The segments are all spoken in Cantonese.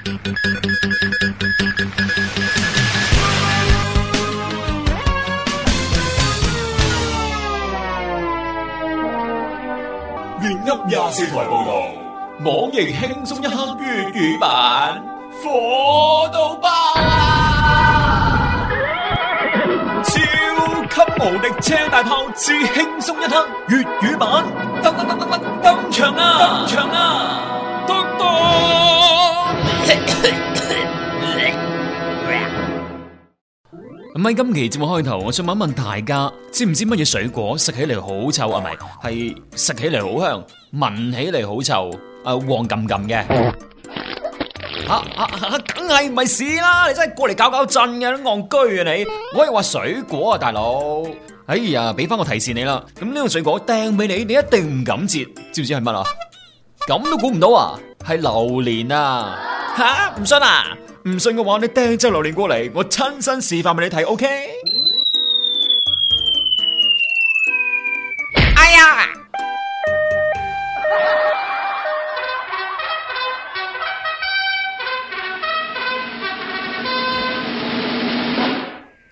粵音廿聲四 台報道，網易輕鬆一刻粵語版，火到爆啊！超級無敵車大炮，之輕鬆一刻粵語版，登登登登登登場啊！登場啊！登登。咪今期節目開頭，我想問一問大家，知唔知乜嘢水果食起嚟好臭？啊，唔係，係食起嚟好香，聞起嚟好臭，誒，黃黚黚嘅。吓吓吓，梗係唔係屎啦！你真係過嚟搞搞震啊，憨居啊你！我哋話水果啊，大佬，哎呀，俾翻個提示你啦。咁呢個水果掟俾你，你一定唔敢接，知唔知係乜啊？咁都估唔到啊，係榴蓮啊！吓，唔信啊？唔信嘅話，你掟隻榴蓮過嚟，我親身示範畀你睇，OK？哎呀！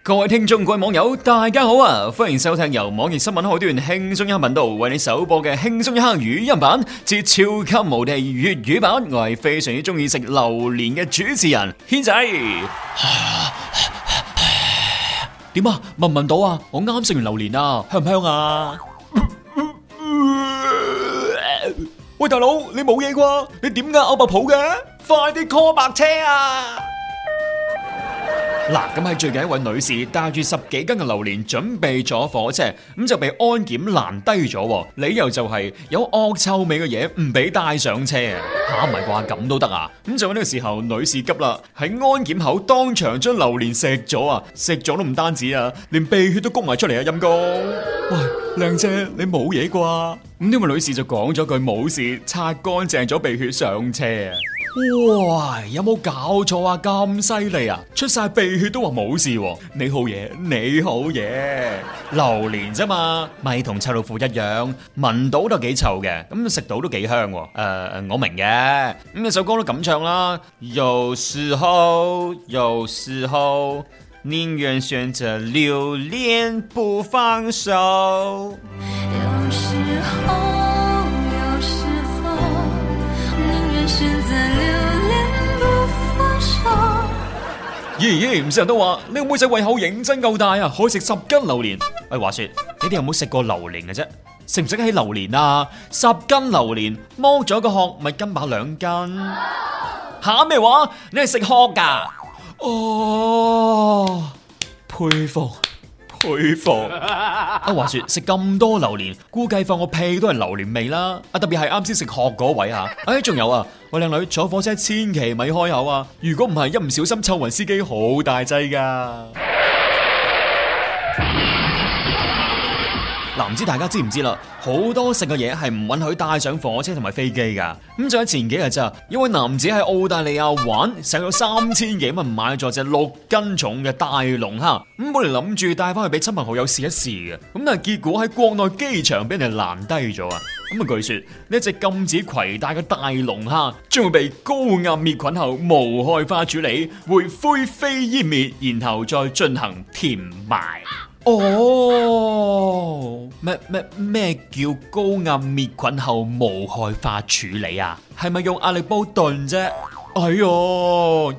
各位聽眾、各位網友，大家好啊！歡迎收聽由網易新聞開端輕鬆一刻頻道為你首播嘅輕鬆一刻語音版之超級無敵粵語版，我係非常之中意食榴蓮嘅主持人軒仔。點 啊？聞唔聞到啊？我啱啱食完榴蓮啊，香唔香啊？喂，大佬，你冇嘢啩？你點解嘔白泡嘅？快啲 call 白車啊！嗱，咁喺最近一位女士帶住十幾斤嘅榴蓮準備咗火車，咁就被安檢攔低咗，理由就係有惡臭味嘅嘢唔俾帶上車啊！吓，唔係啩？咁都得啊？咁就喺呢個時候，女士急啦，喺安檢口當場將榴蓮食咗啊！食咗都唔單止啊，連鼻血都焗埋出嚟啊！陰公，喂，靚姐，你冇嘢啩？咁呢位女士就講咗句冇事，擦乾淨咗鼻血上車。哇！有冇搞錯啊？咁犀利啊！出晒鼻血都話冇事，啊？你好嘢，你好嘢，榴蓮啫嘛，咪同臭豆腐一樣，聞到都幾臭嘅，咁食到都幾香，啊。誒、呃，我明嘅，咁一首歌都咁唱啦。有時候，有時候寧願選擇榴蓮不放手。有時候。咦咦，唔少，欸欸、人都話呢個妹仔胃口認真夠大啊，可以食十斤榴蓮。喂，話說你哋有冇食過榴蓮嘅啫？食唔食得起榴蓮啊？十斤榴蓮剝咗個殼，咪斤把兩斤。吓咩，oh. 話？你係食殼噶？哦，佩服。佩服啊！話說食咁多榴蓮，估計放個屁都係榴蓮味啦！啊，特別係啱先食殼嗰位吓，誒，仲有啊，喂，靚女坐火車千祈咪開口啊！如果唔係，一唔小心臭暈司機，好大劑噶。 唔知大家知唔知啦？好多食嘅嘢係唔允許帶上火車同埋飛機噶。咁就喺前幾日咋，有位男子喺澳大利亞玩，使咗三千幾蚊買咗隻六斤重嘅大龍蝦，咁本嚟諗住帶翻去俾親朋好友試一試嘅。咁但係結果喺國內機場俾人攔低咗啊！咁啊，據說呢一隻禁止攜帶嘅大龍蝦，將會被高壓滅菌後無害化處理，會灰飛煙滅，然後再進行填埋。哦，咩咩咩叫高壓滅菌後無害化處理啊？係咪用壓力煲燉啫、哎？哎喲，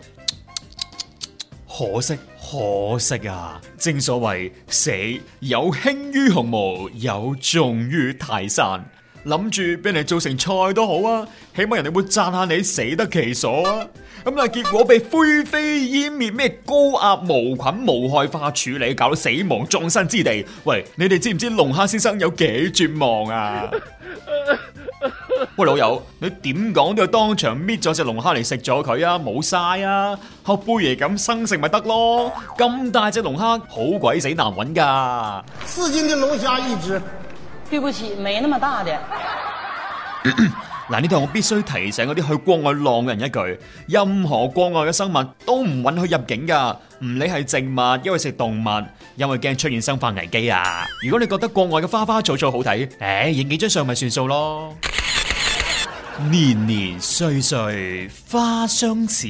可惜可惜啊！正所謂死有輕於鴻毛，有重於泰山。諗住俾你做成菜都好啊，起碼人哋會讚下你死得其所啊！咁啊！結果被灰飛煙滅，咩高壓無菌無害化處理，搞到死亡葬身之地。喂，你哋知唔知龍蝦先生有幾絕望啊？ 喂，老友，你點講都要當場搣咗隻龍蝦嚟食咗佢啊！冇晒啊，後貝爺咁生食咪得咯？咁大隻龍蝦，好鬼死難揾噶。四斤的龍蝦一隻，對不起，沒那麼大的。 嗱，呢度我必須提醒嗰啲去國外浪嘅人一句：任何國外嘅生物都唔允許入境㗎，唔理係植物，因為食動物，因為驚出現生化危機啊！如果你覺得國外嘅花花草草好睇，誒、哎，影幾張相咪算數咯。 年年歲歲花相似。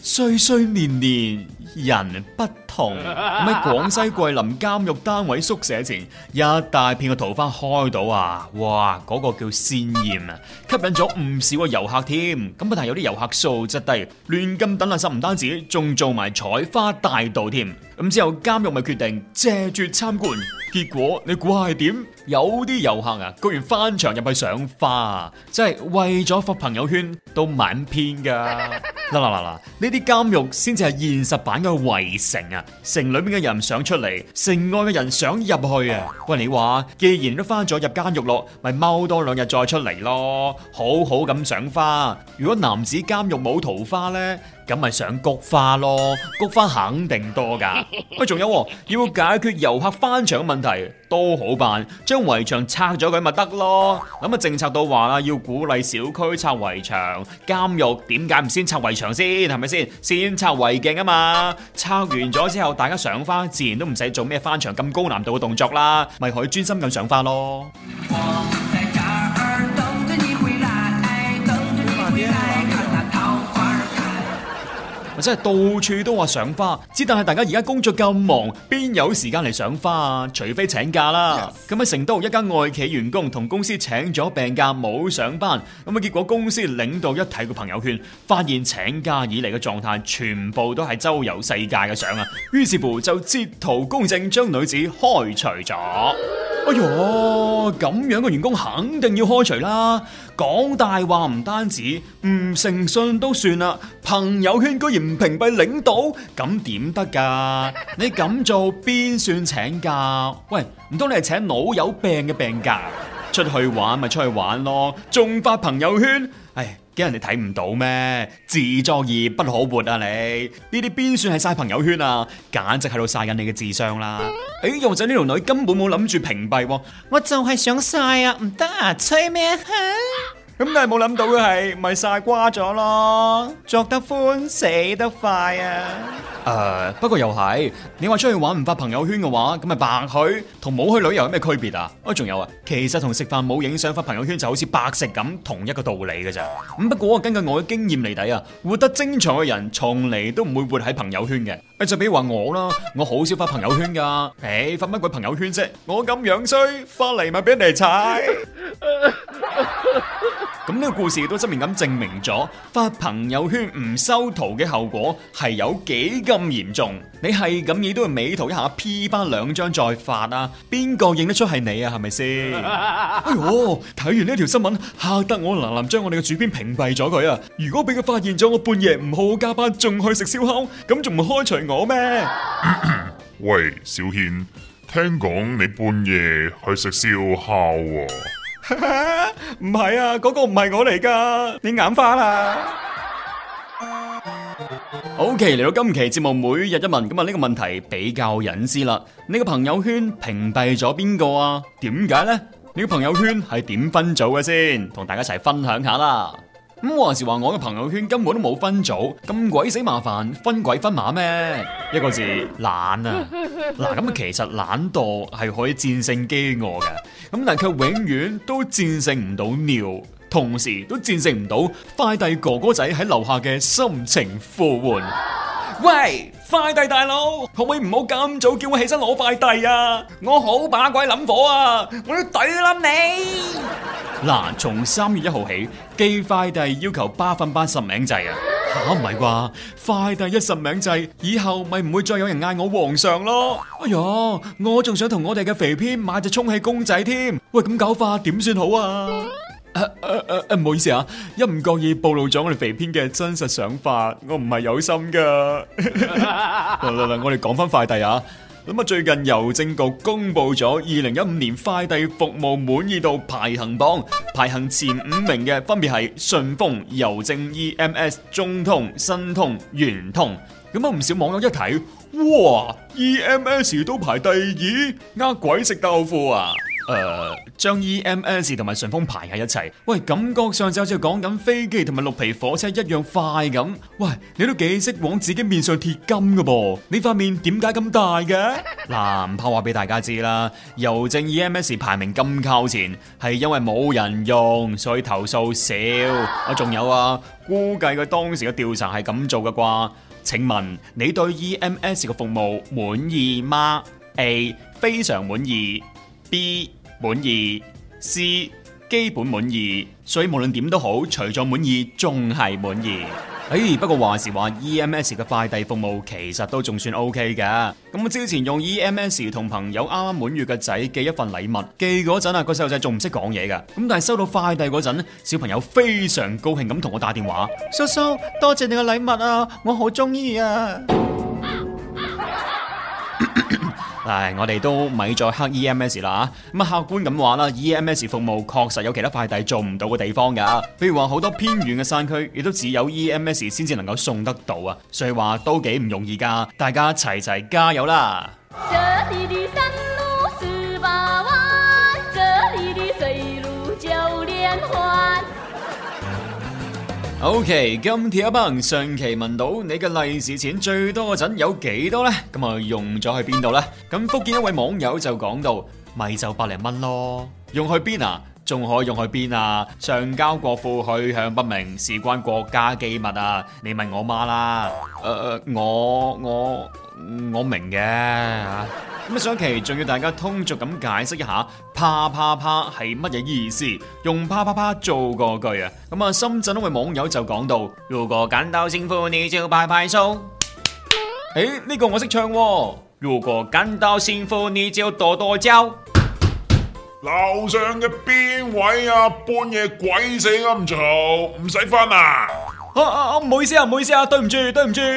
歲歲年年人不同，喺廣 西桂林監獄單位宿舍前，一大片嘅桃花開到啊！哇，嗰、嗰個叫鮮艷啊，吸引咗唔少嘅遊客添。咁但係有啲遊客素質低，亂咁等，等垃圾，唔單止，仲做埋採花大盜添。咁之後監獄咪決定謝絕參觀，結果你估下係點？有啲遊客啊，居然翻牆入去賞花，真係為咗發朋友圈，都晚偏噶。啦啦啦啦！呢啲監獄先至係現實版嘅圍城啊，城裏面嘅人想出嚟，城外嘅人想入去啊！喂，你話既然都翻咗入監獄咯，咪踎多兩日再出嚟咯，好好咁賞花。如果男子監獄冇桃花呢？咁咪上菊花咯，菊花肯定多噶。喂、哎，仲有要解決遊客翻牆嘅問題都好辦，將圍牆拆咗佢咪得咯。咁、嗯、啊政策都話啦，要鼓勵小區拆圍牆。監獄點解唔先拆圍牆先？係咪先？先拆圍鏡啊嘛。拆完咗之後，大家上花自然都唔使做咩翻牆咁高難度嘅動作啦，咪可以專心咁上花咯。真係到處都話賞花，只但係大家而家工作咁忙，邊有時間嚟賞花啊？除非請假啦。咁喺 Yes. 成都一間外企員工同公司請咗病假冇上班，咁啊結果公司領導一睇個朋友圈，發現請假以嚟嘅狀態全部都係周遊世界嘅相啊，於是乎就截圖公正將女子開除咗。哎喲，咁樣嘅員工肯定要開除啦！講大話唔單止，唔誠信都算啦，朋友圈居然唔屏蔽領導，咁點得㗎？你咁做邊算請假？喂，唔通你係請腦有病嘅病假？出去玩咪出去玩咯，仲發朋友圈，唉。俾人哋睇唔到咩？自作孽不可活啊你！你呢啲邊算係晒朋友圈啊？簡直喺度晒緊你嘅智商啦、啊！哎、嗯，又仔呢條女根本冇諗住屏蔽，我就係想晒啊！唔得啊，吹咩啊？嗯咁你冇諗到嘅係，咪晒瓜咗咯？作得歡，死得快啊！誒、呃，不過又係，你話出去玩唔發朋友圈嘅話，咁咪白去，同冇去旅遊有咩區別啊？誒，仲有啊，其實同食飯冇影相發朋友圈就好似白食咁，同一個道理噶咋？咁、嗯、不過根據我嘅經驗嚟睇啊，活得精彩嘅人，從嚟都唔會活喺朋友圈嘅。誒、啊，就比如話我啦，我好少發朋友圈噶。誒、欸，發乜鬼朋友圈啫？我咁樣衰，發嚟咪俾人哋踩。 咁呢個故事都側面咁證明咗發朋友圈唔收圖嘅後果係有幾咁嚴重。你係咁嘢都要美圖一下 P 翻兩張再發啊？邊個認得出係你啊？係咪先？ 哎喲，睇完呢條新聞嚇得我嗱嗱臨將我哋嘅主編屏蔽咗佢啊！如果俾佢發現咗我半夜唔好好加班仲去食燒烤，咁仲唔開除我咩？ 喂，小軒，聽講你半夜去食燒烤喎、啊。唔係 啊，嗰、嗰個唔係我嚟噶，你眼花啦。好，嚟到今期節目每日一問，咁問呢個問題比較隱私啦。你個朋友圈屏蔽咗邊個啊？點解呢？你個朋友圈係點分組嘅先？同大家一齊分享下啦。咁話時話我嘅朋友圈根本都冇分組，咁鬼死麻煩，分鬼分馬咩？一個字懶啊！嗱、啊，咁其實懶惰係可以戰勝飢餓嘅，咁但係永遠都戰勝唔到尿，同時都戰勝唔到快遞哥哥仔喺樓下嘅心情呼喚。喂，快遞大佬，可唔可以唔好咁早叫我起身攞快遞啊？我好把鬼諗火啊！我要懟冧你。嗱，從三月一號起寄快遞要求百分百實名制啊！吓，唔係啩？快遞一實名制以後咪唔會再有人嗌我皇上咯？哎呀，我仲想同我哋嘅肥編買隻充氣公仔添。喂，咁搞法點算好啊？誒誒誒，唔好意思啊，一唔覺意暴露咗我哋肥編嘅真實想法，我唔係有心噶。嚟嚟嚟，我哋講翻快遞啊！咁啊！最近郵政局公布咗二零一五年快遞服務滿意度排行榜，排行前五名嘅分別係順豐、郵政、EMS、中通、申通、圓通。咁啊，唔少網友一睇，哇！EMS 都排第二，呃鬼食豆腐啊！誒，將 E M S 同埋順豐排喺一齊，喂，感覺上就好似講緊飛機同埋綠皮火車一樣快咁。喂，你都幾識往自己面上貼金噶噃？你塊面點解咁大嘅？嗱、 啊，唔怕話俾大家知啦，郵政 E M S 排名咁靠前，係因為冇人用，所以投訴少。我、啊、仲有啊，估計佢當時嘅調查係咁做嘅啩？請問你對 E M S 嘅服務滿意嗎？A，非常滿意。B。滿意，C 基本滿意，所以無論點都好，除咗滿意仲係滿意。滿意 哎，不過話時話，EMS 嘅快遞服務其實都仲算 OK 噶。咁我之前用 EMS 同朋友啱啱滿月嘅仔寄一份禮物，寄嗰陣啊個細路仔仲唔識講嘢嘅，咁但係收到快遞嗰陣，小朋友非常高興咁同我打電話，叔叔多謝你嘅禮物啊，我好中意啊。唉，我哋都咪再黑 EMS 啦，咁啊，客觀咁話啦，EMS 服務確實有其他快遞做唔到嘅地方㗎。譬如話好多偏遠嘅山區，亦都只有 EMS 先至能夠送得到啊。所以話都幾唔容易㗎，大家齊齊加油啦！ O K，今次一班上期問到你嘅利是錢最多嗰陣有幾多呢？咁啊，用咗去邊度呢？咁福建一位網友就講到，咪就百零蚊咯，用去邊啊？仲可以用去邊啊？上交國庫，去向不明，事關國家機密啊！你問我媽啦，誒誒，我我我明嘅。咁上期仲要大家通俗咁解釋一下，啪啪啪係乜嘢意思？用啪啪啪做個句啊！咁啊，深圳一位網友就講到：如果感到幸福，你就拍拍手。誒，呢個我識唱喎啊。如果感到幸福，你就要跺跺腳。樓上嘅邊位啊？半夜鬼死咁嘈，唔使翻啊！啊啊啊，唔好意思啊，唔好意思啊，對唔住，對唔住。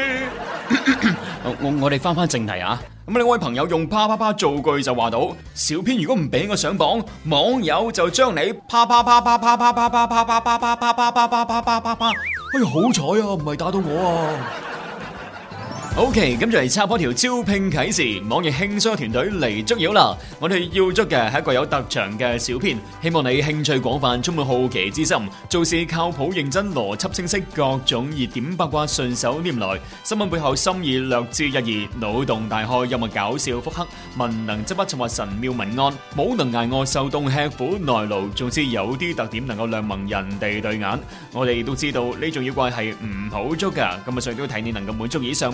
我我哋翻翻正題啊！咁啊！呢位朋友用啪啪啪造句就話到：小編如果唔俾我上榜，網友就將你啪啪啪啪啪啪啪啪啪啪啪啪啪啪啪啪啪啪啪。哎好彩啊，唔係打到我啊！O.K.，咁就嚟插播條招聘啟事，網易輕鬆團隊嚟捉妖啦！我哋要捉嘅係一個有特長嘅小編，希望你興趣廣泛，充滿好奇之心，做事靠譜認真，邏輯清晰，各種熱點八卦順手拈來，新聞背後心意略知一二，腦洞大開、幽默搞笑腹黑，文能執筆尋物神妙文案，武能挨餓受凍、吃苦耐勞，總之有啲特點能夠亮盲人哋對眼。我哋亦都知道呢種妖怪係唔好捉噶，今日上都睇你能夠滿足以上。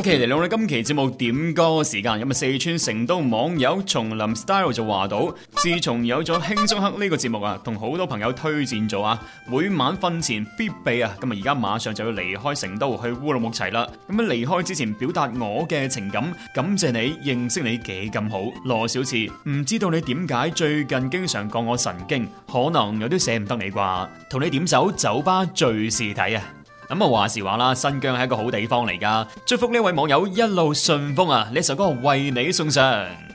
嚟、okay，到我哋今期節目點歌時間，咁啊，四川成都網友叢林 style 就話到，自從有咗輕鬆黑呢、這個節目啊，同好多朋友推薦咗啊，每晚瞓前必備啊，今日而家馬上就要離開成都去烏魯木齊啦，咁樣離開之前表達我嘅情感，感謝你認識你幾咁好，羅小慈，唔知道你點解最近經常講我神經？可能有啲捨唔得你啩，同你點首酒吧最是睇啊！咁啊，話時話啦，新疆係一個好地方嚟㗎，祝福呢位網友一路順風啊！呢首歌為你送上。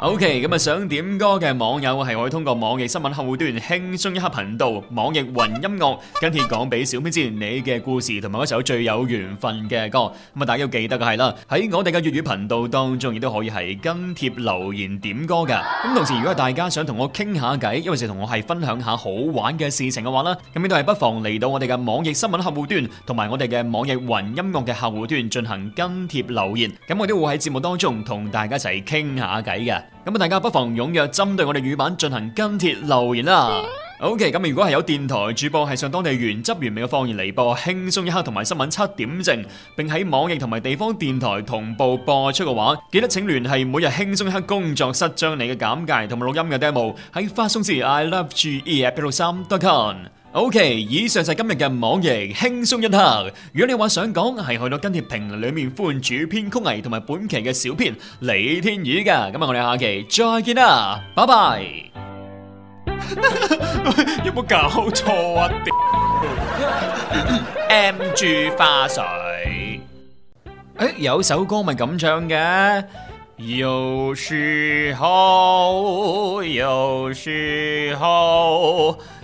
O.K. 咁、嗯、啊，想點歌嘅網友係可以通過網易新聞客戶端輕鬆一刻頻道、網易雲音樂跟帖講俾小編知你嘅故事同埋嗰首最有緣分嘅歌。咁、嗯、啊，大家要記得嘅係啦，喺我哋嘅粵語頻道當中亦都可以係跟帖留言點歌嘅。咁、嗯、同時，如果大家想同我傾下偈，因為係同我係分享下好玩嘅事情嘅話咧，咁你都係不妨嚟到我哋嘅網易新聞客戶端同埋我哋嘅網易雲音樂嘅客戶端進行跟帖留言。咁我都會喺節目當中同大家一齊傾下偈嘅。咁大家不妨踊躍針對我哋語版進行跟帖留言啦。OK，咁如果係有電台主播係上當地原汁原味嘅方言嚟播《輕鬆一刻》同埋新聞七點正，並喺網易同埋地方電台同步播出嘅話，記得請聯繫每日輕鬆一刻工作室將你嘅簡介同埋錄音嘅 demo 喺發送至 i love g e f p 一六三 dot com。O K，以上就係今日嘅網易輕鬆一刻。如果你話想講，係去到跟帖評論裏面，歡迎主編曲藝同埋本期嘅小編李天宇㗎。咁我哋下期再見啦，拜拜。有冇搞錯啊？M G 花絮，誒，有首歌咪咁唱嘅，有時候，有時候。